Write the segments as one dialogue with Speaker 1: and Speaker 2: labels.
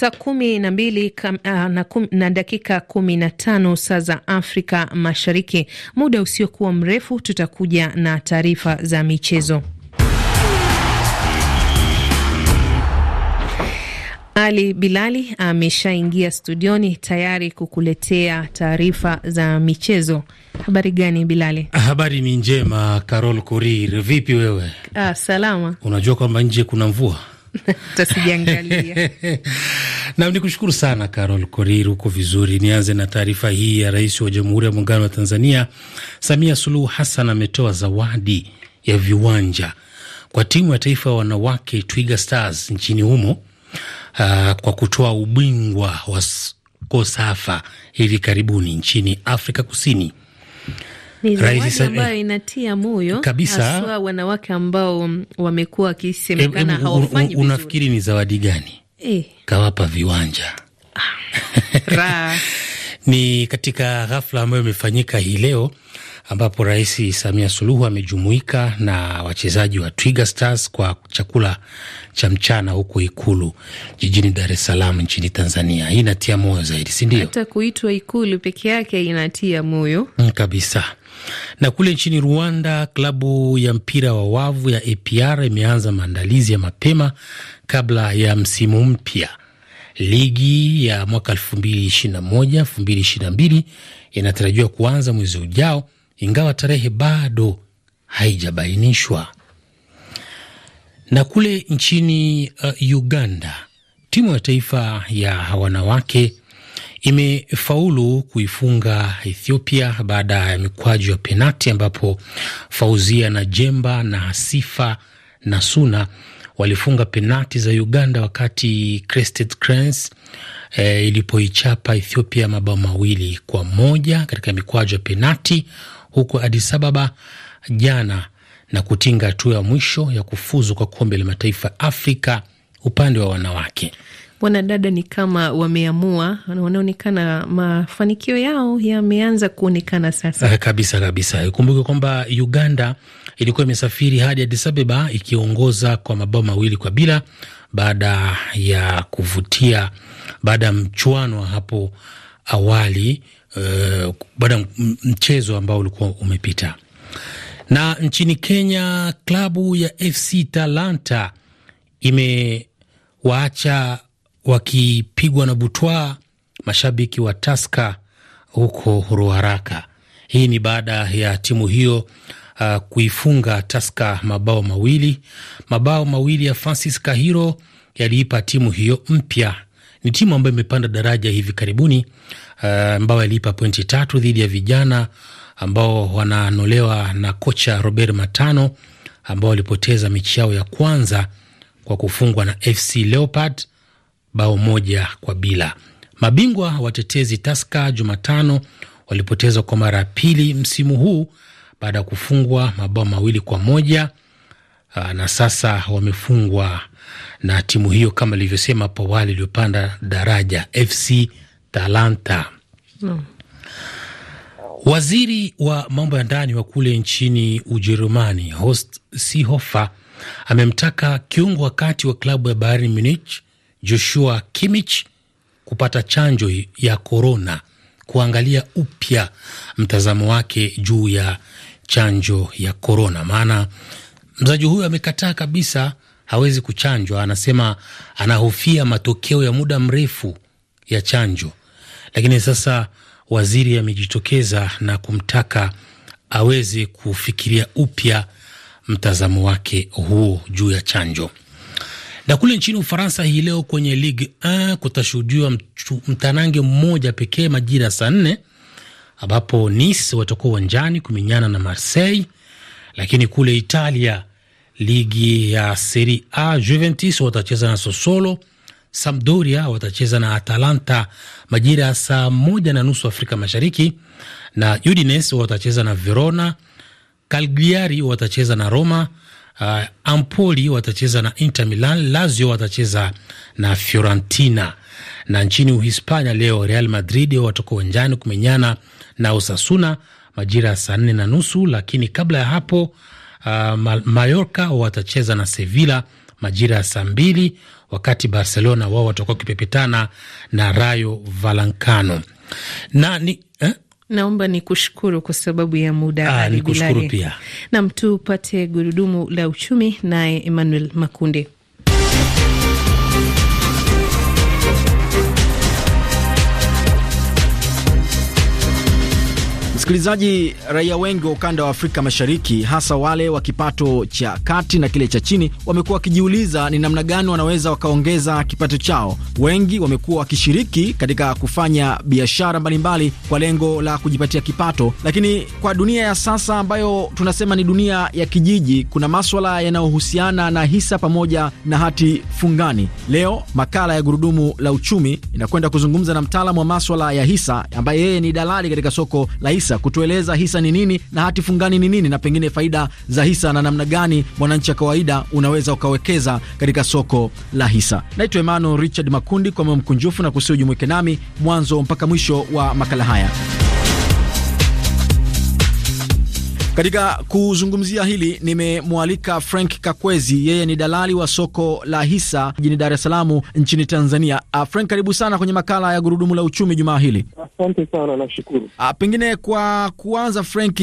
Speaker 1: Saa kumi na mbili kam, ah, na, kum, na dakika kumi na tano saa za Afrika Mashariki. Muda usiokuwa mrefu tutakuja na taarifa za michezo. Ali Bilali ameshaingia studioni tayari kukuletea taarifa za michezo. Habari gani Bilali?
Speaker 2: Habari ni njema Carol Korir, vipi wewe?
Speaker 1: Ah, salama.
Speaker 2: Unajua kwamba nje kuna mvua
Speaker 1: tasijangalia
Speaker 2: Nam ni kushukuru sana Carol Korir, huko vizuri. Nianze na taarifa hii ya Rais wa Jamhuri ya Muungano wa Tanzania Samia Suluhu Hassan ametoa zawadi ya viwanja kwa timu ya taifa ya wanawake Twiga Stars nchini humo uh, kwa kutoa ubingwa wa KOSAFA hivi karibuni nchini Afrika Kusini.
Speaker 1: Ni ambayo inatia moyo kabisa, wanawake ambao mm, wamekuwa wakisemekana hawafanyi Unafikiri
Speaker 2: ni zawadi gani? e, kawapa viwanja ah, ni katika ghafla ambayo imefanyika hii leo ambapo Rais Samia Suluhu amejumuika na wachezaji wa Twiga Stars kwa chakula cha mchana huko Ikulu jijini Dar es Salaam nchini Tanzania. Hii inatia moyo zaidi, si ndio? Hata
Speaker 1: kuitwa Ikulu peke yake inatia moyo
Speaker 2: mm, kabisa. Na kule nchini Rwanda, klabu ya mpira wa wavu ya APR imeanza maandalizi ya mapema kabla ya msimu mpya. Ligi ya mwaka 2021 2022 inatarajiwa kuanza mwezi ujao, ingawa tarehe bado haijabainishwa. Na kule nchini uh, Uganda, timu ya taifa ya wanawake imefaulu kuifunga Ethiopia baada ya mikwaju ya penati, ambapo Fauzia na Jemba na Sifa na Suna walifunga penati za Uganda wakati Crested Cranes e, ilipoichapa Ethiopia mabao mawili kwa moja katika mikwaju ya penati huko Addis Ababa jana na kutinga hatua ya mwisho ya kufuzu kwa kombe la mataifa Afrika upande wa wanawake.
Speaker 1: Wanadada ni kama wameamua, wanaonekana mafanikio yao yameanza kuonekana sasa eh,
Speaker 2: kabisa kabisa. Ikumbuke kwamba Uganda ilikuwa imesafiri hadi Addis Ababa ikiongoza kwa mabao mawili kwa bila baada ya kuvutia, baada ya mchuano wa hapo awali, uh, baada ya mchezo ambao ulikuwa umepita. Na nchini Kenya, klabu ya FC Talanta imewaacha wakipigwa na butwa mashabiki wa Taska huko Ruaraka. Hii ni baada ya timu hiyo uh, kuifunga Taska mabao mawili. Mabao mawili ya Francis Kahiro yaliipa timu hiyo mpya, ni timu ambayo imepanda daraja hivi karibuni, uh, ambayo uh, yaliipa pointi tatu dhidi ya vijana ambao wananolewa na kocha Robert Matano ambao walipoteza mechi yao ya kwanza kwa kufungwa na FC Leopard bao moja kwa bila. Mabingwa watetezi Taska Jumatano walipoteza kwa mara ya pili msimu huu baada ya kufungwa mabao mawili kwa moja ah, na sasa wamefungwa na timu hiyo kama ilivyosema hapo awali iliyopanda daraja FC Talanta no. Waziri wa mambo ya ndani wa kule nchini Ujerumani Horst Seehofer amemtaka kiungo wa kati wa klabu ya Bayern Munich Joshua Kimmich kupata chanjo ya korona, kuangalia upya mtazamo wake juu ya chanjo ya korona, maana mzaji huyu amekataa kabisa, hawezi kuchanjwa. Anasema anahofia matokeo ya muda mrefu ya chanjo, lakini sasa waziri amejitokeza na kumtaka aweze kufikiria upya mtazamo wake huo juu ya chanjo. Na kule nchini Ufaransa hii leo kwenye Ligue 1 kutashuhudiwa mtanange mmoja pekee majira ya saa nne ambapo Nice watakuwa uwanjani kumenyana na Marseille. Lakini kule Italia, ligi ya Serie A, Juventus watacheza na Sassuolo Sampdoria watacheza na Atalanta majira ya saa moja na nusu Afrika Mashariki, na Udinese watacheza na Verona, Cagliari watacheza na Roma, uh, Ampoli watacheza na Inter Milan, Lazio watacheza na Fiorentina. Na nchini Uhispania leo Real Madrid watoka uwanjani kumenyana na Osasuna majira ya saa nne na nusu, lakini kabla ya hapo uh, Mallorca watacheza na Sevilla majira ya saa mbili wakati Barcelona wao watakuwa wakipepetana na Rayo Vallecano
Speaker 1: na ni eh? Naomba ni kushukuru kwa sababu ya muda. Ah, ni kushukuru pia. Nam, tupate gurudumu la uchumi naye Emmanuel Makunde.
Speaker 3: Msikilizaji, raia wengi wa ukanda wa Afrika Mashariki, hasa wale wa kipato cha kati na kile cha chini, wamekuwa wakijiuliza ni namna gani wanaweza wakaongeza kipato chao. Wengi wamekuwa wakishiriki katika kufanya biashara mbalimbali kwa lengo la kujipatia kipato, lakini kwa dunia ya sasa ambayo tunasema ni dunia ya kijiji, kuna maswala yanayohusiana na hisa pamoja na hati fungani. Leo makala ya Gurudumu la Uchumi inakwenda kuzungumza na mtaalamu wa maswala ya hisa ambaye yeye ni dalali katika soko la hisa hisa, kutueleza hisa ni nini na hati fungani ni nini, na pengine faida za hisa na namna gani mwananchi wa kawaida unaweza ukawekeza katika soko la hisa. Naitwa Emmanuel Richard Makundi, kwa moyo mkunjufu na kusiujumuike nami mwanzo mpaka mwisho wa makala haya. Katika kuzungumzia hili nimemwalika Frank Kakwezi, yeye ni dalali wa soko la hisa jijini Dar es Salaam nchini Tanzania. Uh, Frank, karibu sana kwenye makala ya gurudumu la uchumi jumaa hili. Asante sana, nashukuru. Uh, pengine kwa kuanza, Frank,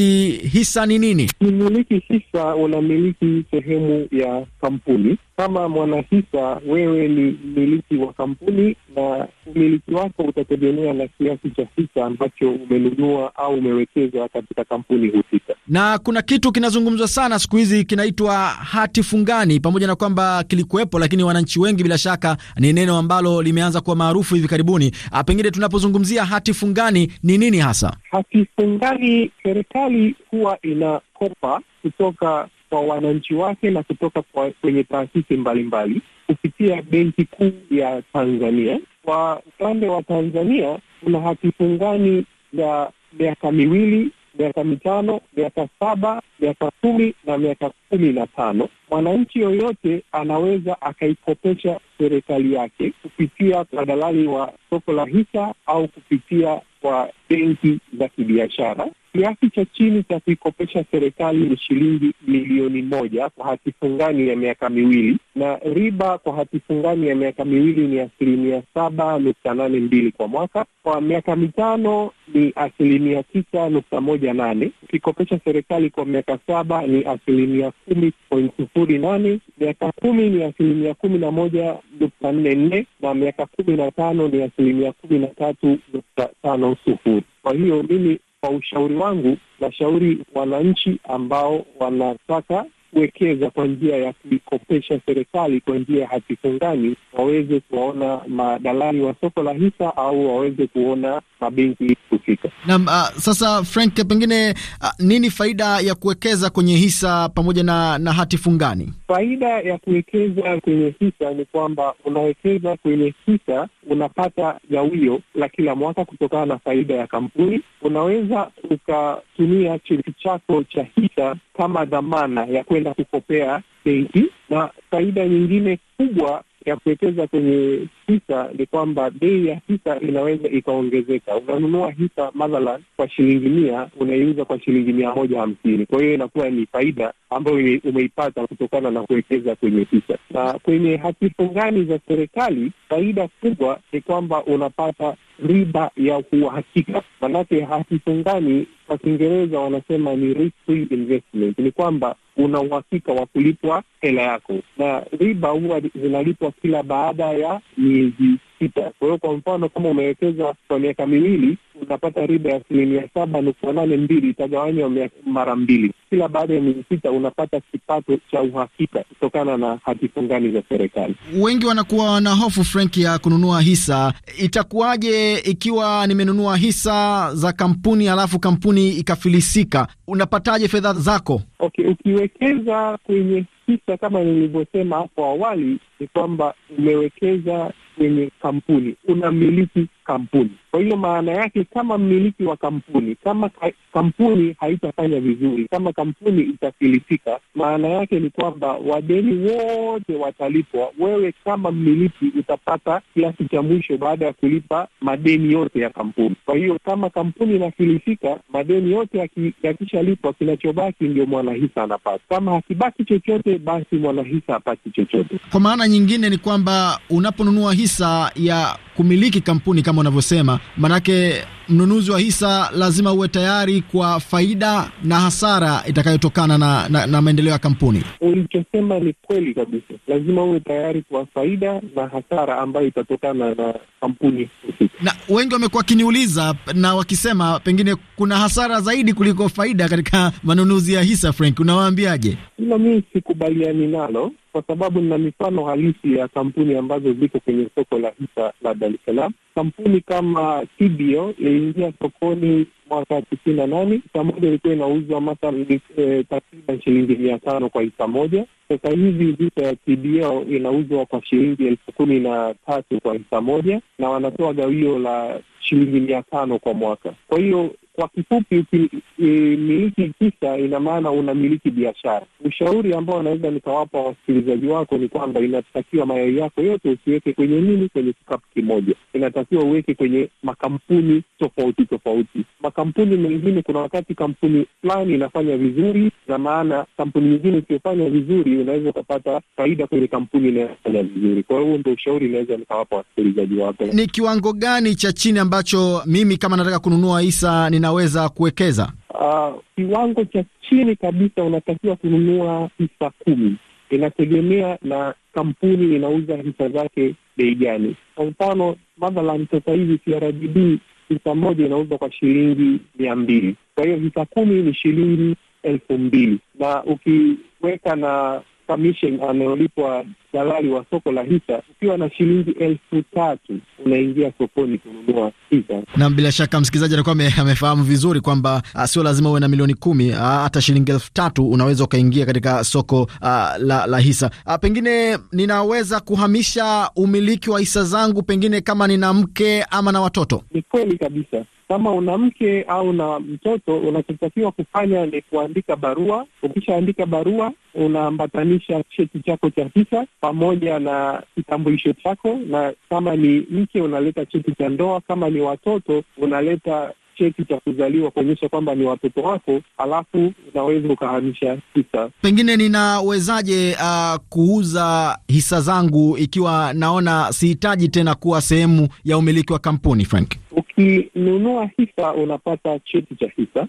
Speaker 3: hisa ni nini? Mmiliki hisa unamiliki sehemu
Speaker 4: ya kampuni kama mwanahisa wewe ni mmiliki wa kampuni na umiliki wako utategemea na kiasi cha hisa ambacho umenunua au umewekeza katika kampuni husika.
Speaker 3: Na kuna kitu kinazungumzwa sana siku hizi kinaitwa hati fungani, pamoja na kwamba kilikuwepo, lakini wananchi wengi bila shaka, ni neno ambalo limeanza kuwa maarufu hivi karibuni. Ah, pengine tunapozungumzia hati fungani, ni nini hasa hati fungani?
Speaker 4: Serikali huwa inakopa kutoka kwa wananchi wake na kutoka kwa kwenye taasisi mbalimbali kupitia Benki Kuu ya Tanzania. Kwa upande wa Tanzania kuna hati fungani ya miaka miwili, miaka mitano, miaka saba, miaka kumi na miaka kumi na tano. Mwananchi yoyote anaweza akaikopesha serikali yake kupitia kwa dalali wa soko la hisa au kupitia kwa benki za kibiashara. Kiasi cha chini cha kuikopesha serikali ni shilingi milioni moja kwa hati fungani ya miaka miwili, na riba kwa hati fungani ya miaka miwili ni asilimia saba nukta nane mbili kwa mwaka. Kwa miaka mitano ni asilimia tisa nukta moja nane. Ukikopesha serikali kwa miaka saba ni asilimia kumi point sufuri nane. Miaka kumi ni asilimia kumi na moja nukta nne nne na miaka kumi na tano ni asilimia kumi na tatu nukta tano sufuri. Kwa hiyo mimi kwa ushauri wangu, nashauri wananchi ambao wanataka kuwekeza kwa njia ya kuikopesha serikali kwa njia ya hati fungani, waweze kuwaona madalali wa soko la hisa au waweze kuona mabenki husika.
Speaker 3: Naam. Uh, sasa Frank, pengine uh, nini faida ya kuwekeza kwenye hisa pamoja na, na hati fungani?
Speaker 4: Faida ya kuwekeza kwenye hisa ni kwamba unawekeza kwenye hisa, unapata gawio la kila mwaka kutokana na faida ya kampuni. Unaweza ukatumia cheti chako cha hisa kama dhamana ya kwenda kukopea benki, na faida nyingine kubwa ya kuwekeza kwenye hisa ni kwamba bei ya hisa inaweza ikaongezeka. Unanunua hisa mathalan kwa shilingi mia, unaiuza kwa shilingi mia moja hamsini. Kwa hiyo inakuwa ni faida ambayo umeipata kutokana na kuwekeza kwenye hisa. Na kwenye hati fungani za serikali, faida kubwa ni kwamba unapata riba ya uhakika, manake hakifungani. Kwa Kiingereza wanasema ni risk-free investment, ni kwamba una uhakika wa kulipwa hela yako, na riba huwa zinalipwa kila baada ya miezi sita. Kwa hiyo kwa mfano, kama umewekeza kwa miaka miwili unapata riba ya asilimia saba nukta nane mbili itagawanywa mara mbili. Kila baada ya miezi sita unapata kipato cha uhakika kutokana na hati fungani za serikali.
Speaker 3: Wengi wanakuwa na hofu Frank, ya kununua hisa. Itakuwaje ikiwa nimenunua hisa za kampuni alafu kampuni ikafilisika, unapataje fedha zako? Okay, ukiwekeza kwenye hisa
Speaker 4: kama nilivyosema hapo awali, ni kwamba umewekeza kwenye kampuni, unamiliki kampuni. Kwa hiyo maana yake, kama mmiliki wa kampuni, kama kampuni haitafanya vizuri, kama kampuni itafilisika, maana yake ni kwamba wadeni wote watalipwa. Wewe kama mmiliki utapata kiasi cha mwisho baada ya kulipa madeni yote ya kampuni. Kwa hiyo kama kampuni inafilisika, madeni yote yakishalipwa, kinachobaki ndio mwanahisa anapata. Kama hakibaki chochote, basi mwanahisa hapati chochote.
Speaker 3: Kwa maana nyingine ni kwamba unaponunua hisa ya kumiliki kampuni kama unavyosema manake mnunuzi wa hisa lazima uwe tayari kwa faida na hasara itakayotokana na, na, na maendeleo ya kampuni.
Speaker 4: Ulichosema ni kweli kabisa, lazima uwe tayari kwa faida na hasara ambayo itatokana na kampuni
Speaker 3: husika. Na wengi wamekuwa wakiniuliza na wakisema pengine kuna hasara zaidi kuliko faida katika manunuzi ya hisa. Frank, unawaambiaje? Ila mii sikubaliani
Speaker 4: nalo kwa sababu nina mifano halisi ya kampuni ambazo ziko kwenye soko la hisa la Dar es Salaam. Kampuni kama Tibio iliingia sokoni mwaka tisini na nane. Hisa moja ilikuwa inauzwa mathalan eh, takriban shilingi mia tano kwa hisa moja. Sasa hivi hisa ya TBO inauzwa kwa shilingi elfu kumi na tatu kwa hisa moja, na wanatoa gawio la shilingi mia tano kwa mwaka. Kwa hiyo kwa kifupi, ukimiliki hisa, ina maana unamiliki biashara. Ushauri ambao naweza nikawapa wasikilizaji wako ni kwamba inatakiwa mayai yako yote usiweke kwenye nini, kwenye kikapu kimoja. Inatakiwa uweke kwenye makampuni tofauti tofauti. Makampuni mengine, kuna wakati kampuni fulani inafanya vizuri, na maana kampuni nyingine isiyofanya vizuri, unaweza ukapata faida kwenye kampuni inayofanya vizuri. Kwa hiyo ndo ushauri inaweza nikawapa wasikilizaji wako. Ni
Speaker 3: kiwango gani cha chini ambacho mimi kama nataka kununua hisa nina inaweza kuwekeza?
Speaker 4: Ah, kiwango uh, cha chini kabisa unatakiwa kununua hisa kumi. Inategemea na kampuni inauza hisa zake bei gani. Kwa mfano mathalan, sasa hivi CRDB hisa moja inauzwa kwa shilingi mia mbili. Kwa hiyo hisa kumi ni shilingi elfu mbili na ukiweka na commission anayolipwa dalali wa soko la hisa, ukiwa na shilingi elfu tatu tunaingia sokoni kununua hisa.
Speaker 3: Naam, bila shaka msikilizaji atakuwa amefahamu vizuri kwamba ah, sio lazima uwe na milioni kumi, ah, hata shilingi elfu tatu unaweza ukaingia katika soko a, ah, la, la hisa a, pengine ninaweza kuhamisha umiliki wa hisa zangu pengine kama nina mke ama na watoto. Ni kweli kabisa. Kama una mke au na mtoto,
Speaker 4: unachotakiwa kufanya ni kuandika barua. Ukishaandika barua, unaambatanisha cheti chako cha visa pamoja na kitambulisho chako, na kama ni mke unaleta cheti cha ndoa, kama ni watoto unaleta cheti cha kuzaliwa kuonyesha kwamba ni watoto wako, alafu unaweza ukahamisha hisa.
Speaker 3: Pengine ninawezaje uh, kuuza hisa zangu ikiwa naona sihitaji tena kuwa sehemu ya umiliki wa kampuni Frank?
Speaker 4: Ukinunua hisa unapata cheti cha hisa.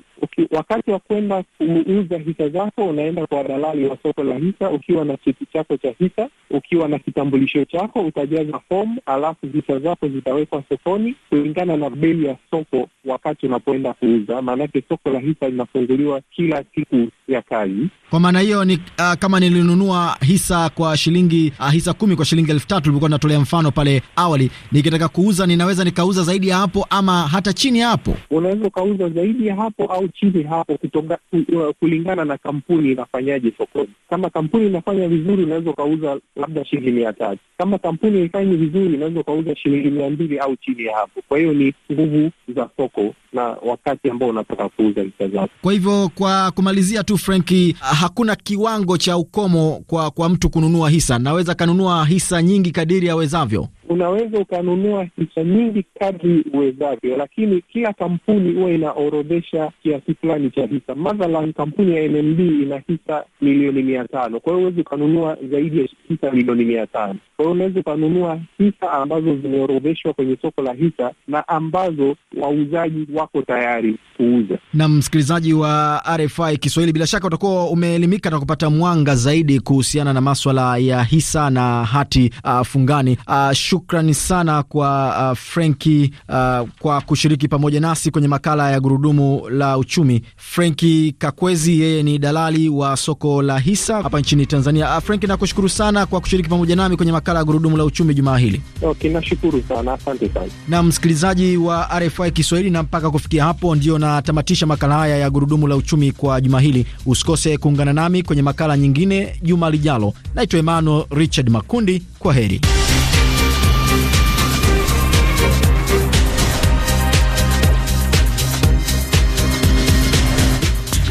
Speaker 4: Wakati wa kwenda kuuza hisa zako, unaenda kwa dalali wa soko la hisa ukiwa na cheti chako cha hisa, ukiwa na kitambulisho chako, utajaza fomu, alafu hisa zako zitawekwa sokoni kulingana na bei ya soko wakati unapoenda kuuza. Maanake soko la hisa linafunguliwa kila siku ya kazi.
Speaker 3: Kwa maana hiyo ni uh, kama nilinunua hisa kwa shilingi uh, hisa kumi kwa shilingi elfu tatu nilikuwa natolea mfano pale awali, nikitaka kuuza ninaweza nikauza zaidi ya hapo ama hata chini hapo?
Speaker 4: Unaweza ukauza zaidi ya hapo au chini hapo kutonga, uh, kulingana na kampuni inafanyaje sokoni. Kama kampuni inafanya vizuri, unaweza ukauza labda shilingi mia tatu. Kama kampuni haifanyi vizuri, unaweza ukauza shilingi mia mbili au chini ya hapo. Kwa hiyo ni nguvu za soko na wakati ambao unataka kuuza bidhaa
Speaker 3: zako. Kwa hivyo kwa kumalizia tu, Frenki, hakuna kiwango cha ukomo kwa, kwa mtu kununua hisa. Naweza kanunua hisa nyingi kadiri awezavyo
Speaker 4: unaweza ukanunua hisa nyingi kadri uwezavyo, lakini kila kampuni huwa inaorodhesha kiasi fulani cha hisa. Mathalan, kampuni ya NMB ina hisa milioni mia tano. Kwa hiyo huwezi ukanunua zaidi ya hisa milioni mia tano. Kwa hiyo unaweza ukanunua hisa ambazo zimeorodheshwa kwenye soko la hisa na ambazo wauzaji wako tayari kuuza.
Speaker 3: Na msikilizaji wa RFI Kiswahili, bila shaka utakuwa umeelimika na kupata mwanga zaidi kuhusiana na maswala ya hisa na hati uh, fungani uh, shukrani sana kwa uh, Frenki uh, kwa kushiriki pamoja nasi kwenye makala ya gurudumu la uchumi. Frenki Kakwezi, yeye ni dalali wa soko la hisa hapa nchini Tanzania. Uh, Frenki, nakushukuru sana kwa kushiriki pamoja nami kwenye makala ya gurudumu la uchumi jumaa hili.
Speaker 4: Okay, nashukuru sana, asante
Speaker 3: sana. Na msikilizaji wa RFI Kiswahili, na mpaka kufikia hapo ndio natamatisha makala haya ya gurudumu la uchumi kwa juma hili. Usikose kuungana nami kwenye makala nyingine juma lijalo. Naitwa Emmanuel Richard Makundi, kwa heri.